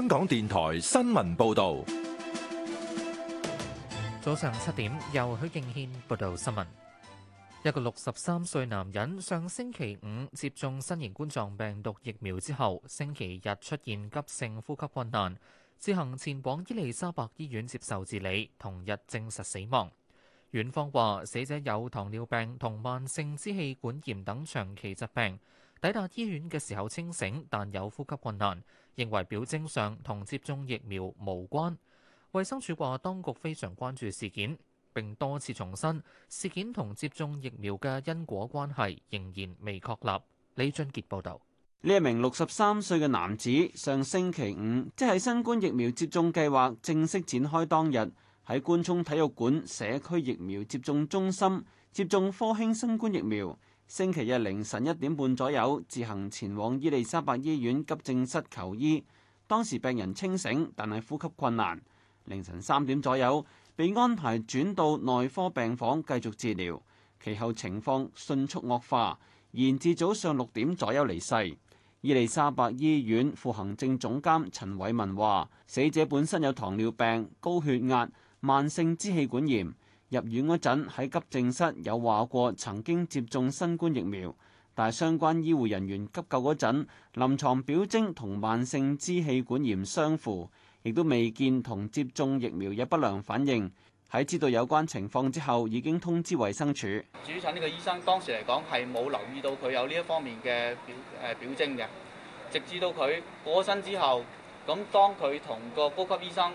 香港電台新聞報道，早上七點由許敬軒報道新聞。一個六十三歲男人上星期五接種新型冠狀病毒疫苗之後，星期日出現急性呼吸困難，自行前往伊利沙伯醫院接受治理，同日證實死亡。院方話，死者有糖尿病同慢性支氣管炎等長期疾病。抵達醫院嘅時候清醒，但有呼吸困難，認為表徵上同接種疫苗無關。衛生署話當局非常關注事件，並多次重申事件同接種疫苗嘅因果關係仍然未確立。李俊傑報道，呢一名六十三歲嘅男子上星期五，即係新冠疫苗接種計劃正式展開當日，喺官涌體育館社區疫苗接種中心接種科興新冠疫苗。星期日凌晨一點半左右，自行前往伊利沙伯醫院急症室求醫。當時病人清醒，但係呼吸困難。凌晨三點左右，被安排轉到內科病房繼續治療。其後情況迅速惡化，延至早上六點左右離世。伊利沙伯醫院副行政總監陳偉文話：死者本身有糖尿病、高血壓、慢性支氣管炎。入院嗰陣喺急症室有話過曾經接種新冠疫苗，但係相關醫護人員急救嗰陣，臨牀表徵同慢性支氣管炎相符，亦都未見同接種疫苗有不良反應。喺知道有關情況之後，已經通知衞生署。主診呢個醫生，當時嚟講係冇留意到佢有呢一方面嘅表誒、呃、表徵嘅，直至到佢過身之後，咁當佢同個高級醫生。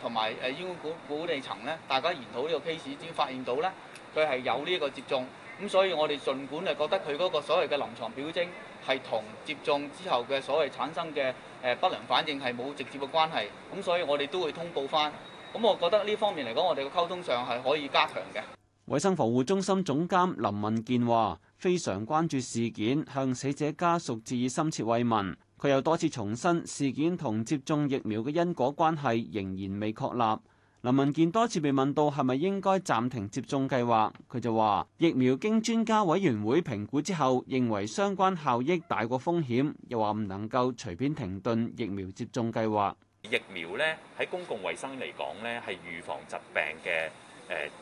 同埋誒醫股股理層咧，大家研討呢個 case 已經發現到咧，佢係有呢一個接種，咁、嗯、所以我哋儘管誒覺得佢嗰個所謂嘅臨床表徵係同接種之後嘅所謂產生嘅誒不良反應係冇直接嘅關係，咁、嗯、所以我哋都會通報翻。咁、嗯、我覺得呢方面嚟講，我哋嘅溝通上係可以加強嘅。衞生防護中心總監林文健話：非常關注事件，向死者家屬致以深切慰問。佢又多次重申事件同接種疫苗嘅因果關係仍然未確立。林文健多次被問到係咪應該暫停接種計劃？佢就話疫苗經專家委員會評估之後，認為相關效益大過風險，又話唔能夠隨便停頓疫苗接種計劃。疫苗咧喺公共衛生嚟講咧，係預防疾病嘅。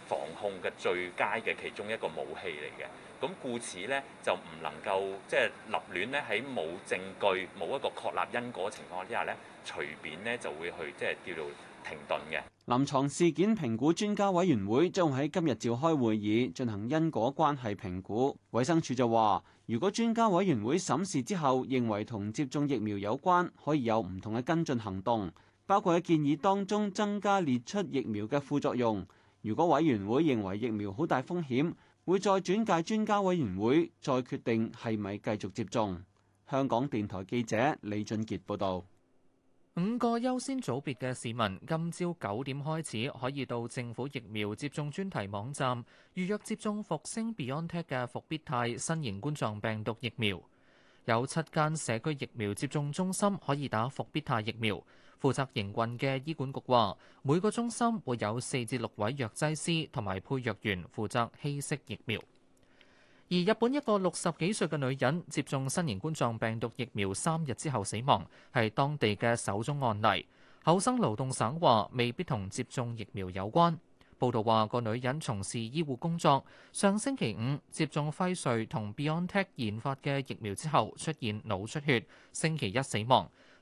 防控嘅最佳嘅其中一個武器嚟嘅，咁故此咧，就唔能夠即係立亂咧，喺冇證據冇一個確立因果情況之下咧，隨便咧就會去即係叫做停頓嘅。臨床事件評估專家委員會將會喺今日召開會議進行因果關係評估。衛生署就話，如果專家委員會審視之後認為同接種疫苗有關，可以有唔同嘅跟進行動，包括喺建議當中增加列出疫苗嘅副作用。如果委員會認為疫苗好大風險，會再轉介專家委員會再決定係咪繼續接種。香港電台記者李俊傑報道。五個優先組別嘅市民今朝九點開始可以到政府疫苗接種專題網站預約接種復星 BioNTech 嘅復必泰新型冠狀病毒疫苗。有七間社區疫苗接種中心可以打復必泰疫苗。負責營運嘅醫管局話，每個中心會有四至六位藥劑師同埋配藥員負責稀釋疫苗。而日本一個六十幾歲嘅女人接種新型冠狀病毒疫苗三日之後死亡，係當地嘅首宗案例。厚生勞動省話未必同接種疫苗有關。報道話個女人從事醫護工作，上星期五接種輝瑞同 Biontech 研發嘅疫苗之後出現腦出血，星期一死亡。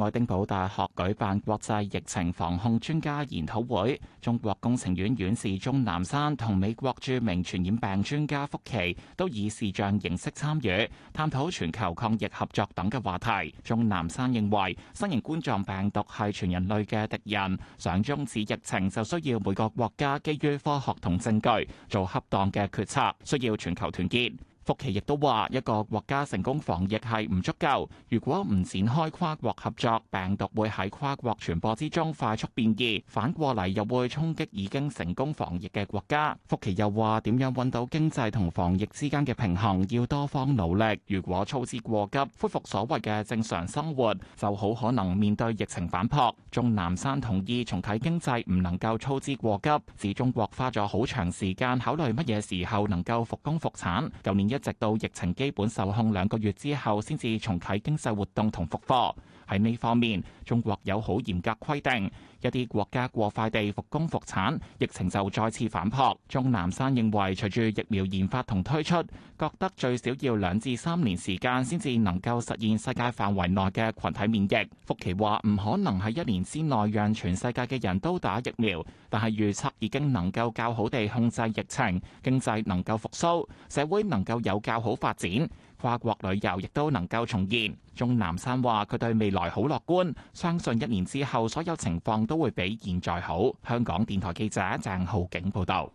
愛丁堡大學舉辦國際疫情防控專家研討會，中國工程院院士鍾南山同美國著名傳染病專家福奇都以視像形式參與，探討全球抗疫合作等嘅話題。鍾南山認為，新型冠狀病毒係全人類嘅敵人，想終止疫情就需要每個國家基於科學同證據，做恰當嘅決策，需要全球團結。福奇亦都話：一個國家成功防疫係唔足夠，如果唔展開跨國合作，病毒會喺跨國傳播之中快速變異，反過嚟又會衝擊已經成功防疫嘅國家。福奇又話：點樣揾到經濟同防疫之間嘅平衡，要多方努力。如果操之過急，恢復所謂嘅正常生活，就好可能面對疫情反撲。鍾南山同意重啟經濟唔能夠操之過急，指中國花咗好長時間考慮乜嘢時候能夠復工復產。舊年一直到疫情基本受控兩個月之後，先至重啟經濟活動同復課，喺呢方面，中國有好嚴格規定。一啲國家過快地復工復產，疫情就再次反撲。鍾南山認為，隨住疫苗研發同推出，覺得最少要兩至三年時間先至能夠實現世界範圍內嘅群體免疫。福奇話唔可能喺一年之內讓全世界嘅人都打疫苗，但係預測已經能夠較好地控制疫情，經濟能夠復甦，社會能夠有較好發展。跨國旅遊亦都能夠重現。鍾南山話：佢對未來好樂觀，相信一年之後所有情況都會比現在好。香港電台記者鄭浩景報導。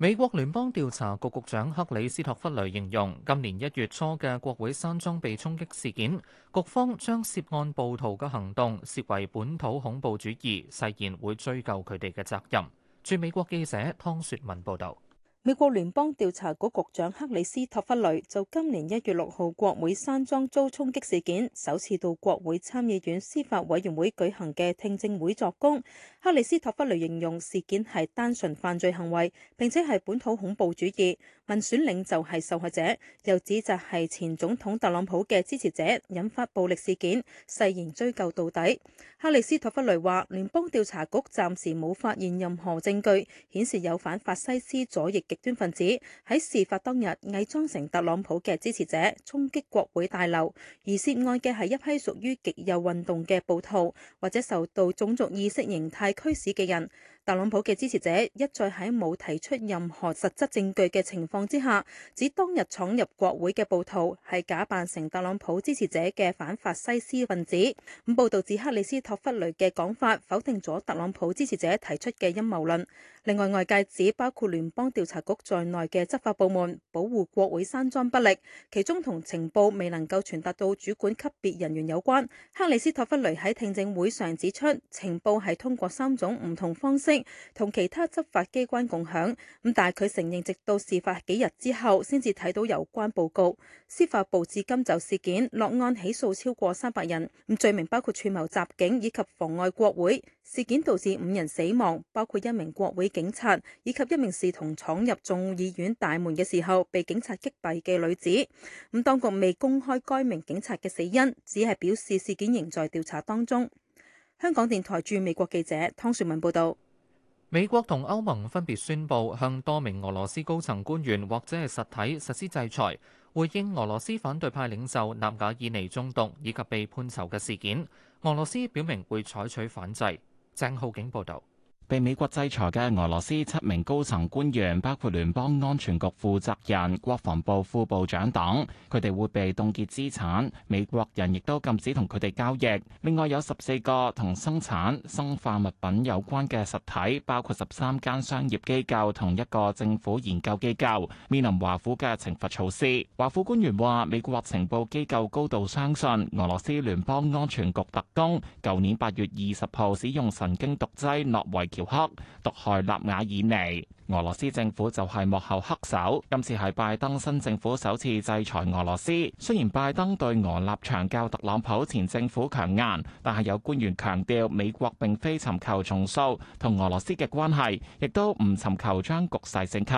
美國聯邦調查局局長克里斯托弗雷形容，今年一月初嘅國會山莊被衝擊事件，局方將涉案暴徒嘅行動視為本土恐怖主義，誓言會追究佢哋嘅責任。駐美國記者湯雪文報導。美國聯邦調查局局長克里斯托弗雷就今年一月六號國會山莊遭衝擊事件，首次到國會參議院司法委員會舉行嘅聽證會作供。克里斯托弗雷形容事件係單純犯罪行為，並且係本土恐怖主義，民選領袖係受害者，又指責係前總統特朗普嘅支持者引發暴力事件，誓言追究到底。克里斯托弗雷話，聯邦調查局暫時冇發現任何證據顯示有反法西斯左翼極端分子喺事發當日偽裝成特朗普嘅支持者，衝擊國會大樓，而涉案嘅係一批屬於極右運動嘅暴徒，或者受到種族意識形態驅使嘅人。特朗普嘅支持者一再喺冇提出任何實質證據嘅情況之下，指當日闖入國會嘅暴徒係假扮成特朗普支持者嘅反法西斯分子。咁報道指克里斯托弗雷嘅講法否定咗特朗普支持者提出嘅陰謀論，另外，外界指包括聯邦調查局在內嘅執法部門保護國會山莊不力，其中同情報未能夠傳達到主管級別人員有關，克里斯托弗雷喺聽證會上指出，情報係通過三種唔同方式。同其他執法機關共享咁，但係佢承認，直到事發幾日之後先至睇到有關報告。司法部至今就事件落案起訴超過三百人，咁罪名包括串謀襲警以及妨礙國會。事件導致五人死亡，包括一名國會警察以及一名試圖闖入眾議院大門嘅時候被警察擊斃嘅女子。咁當局未公開該名警察嘅死因，只係表示事件仍在調查當中。香港電台駐美國記者湯雪文報道。美國同歐盟分別宣布向多名俄羅斯高層官員或者係實體實施制裁，回應俄羅斯反對派領袖納瓦爾尼中毒以及被判囚嘅事件。俄羅斯表明會採取反制。鄭浩景報導。被美國制裁嘅俄羅斯七名高層官員包括聯邦安全局負責人、國防部副部長等，佢哋會被凍結資產，美國人亦都禁止同佢哋交易。另外有十四個同生產生化物品有關嘅實體，包括十三間商業機構同一個政府研究機構面臨華府嘅懲罰措施。華府官員話：美國情報機構高度相信俄羅斯聯邦安全局特工，舊年八月二十號使用神經毒劑諾維雕克毒害納瓦爾尼，俄羅斯政府就係幕後黑手。今次係拜登新政府首次制裁俄羅斯。雖然拜登對俄立場較特朗普前政府強硬，但係有官員強調，美國並非尋求重塑同俄羅斯嘅關係，亦都唔尋求將局勢升級。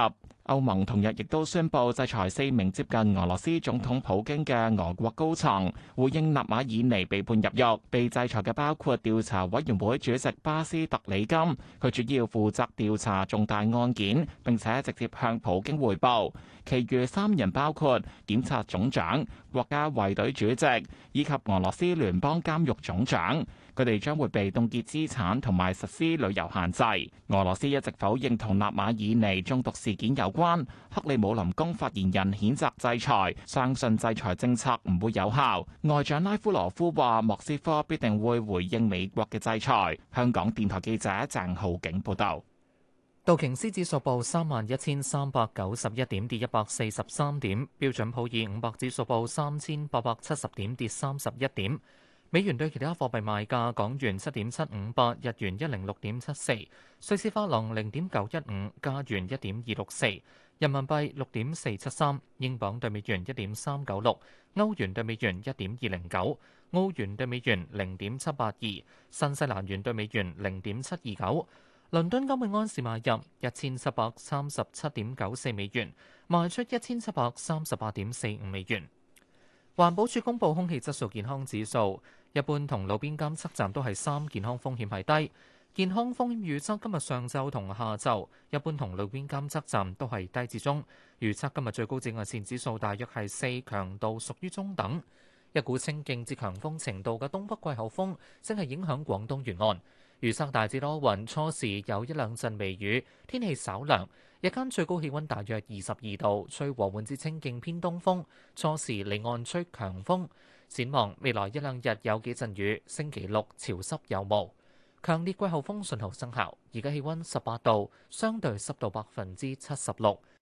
歐盟同日亦都宣布制裁四名接近俄羅斯總統普京嘅俄國高層。回應納馬爾尼被判入獄，被制裁嘅包括調查委員會主席巴斯特里金，佢主要負責調查重大案件並且直接向普京彙報。其餘三人包括檢察總長、國家衛隊主席以及俄羅斯聯邦監獄總長。佢哋將會被凍結資產同埋實施旅遊限制。俄羅斯一直否認同納馬爾尼中毒事件有關。克里姆林宮發言人譴責制裁，相信制裁政策唔會有效。外長拉夫羅夫話：莫斯科必定會回應美國嘅制裁。香港電台記者鄭浩景報導。道瓊斯指數報三萬一千三百九十一點，跌一百四十三點。標準普爾五百指數報三千八百七十點，跌三十一點。美元對其他貨幣賣價：港元七點七五八，日元一零六點七四，瑞士法郎零點九一五，加元一點二六四，人民幣六點四七三，英鎊對美元一點三九六，歐元對美元一點二零九，澳元對美元零點七八二，新西蘭元對美元零點七二九。倫敦金每安士買入一千七百三十七點九四美元，賣出一千七百三十八點四五美元。環保署公布空氣質素健康指數。一般同路邊監測站都係三，健康風險係低，健康風險預測今日上晝同下晝，一般同路邊監測站都係低至中。預測今日最高紫外線指數大約係四，強度屬於中等。一股清勁至強風程度嘅東北季候風正係影響廣東沿岸，預測大致多雲，初時有一兩陣微雨，天氣稍涼，日間最高氣溫大約二十二度，吹和緩至清勁偏東風，初時離岸吹強風。展望未來一兩日有幾陣雨，星期六潮濕有霧，強烈季候風信號生效。而家氣溫十八度，相對濕度百分之七十六。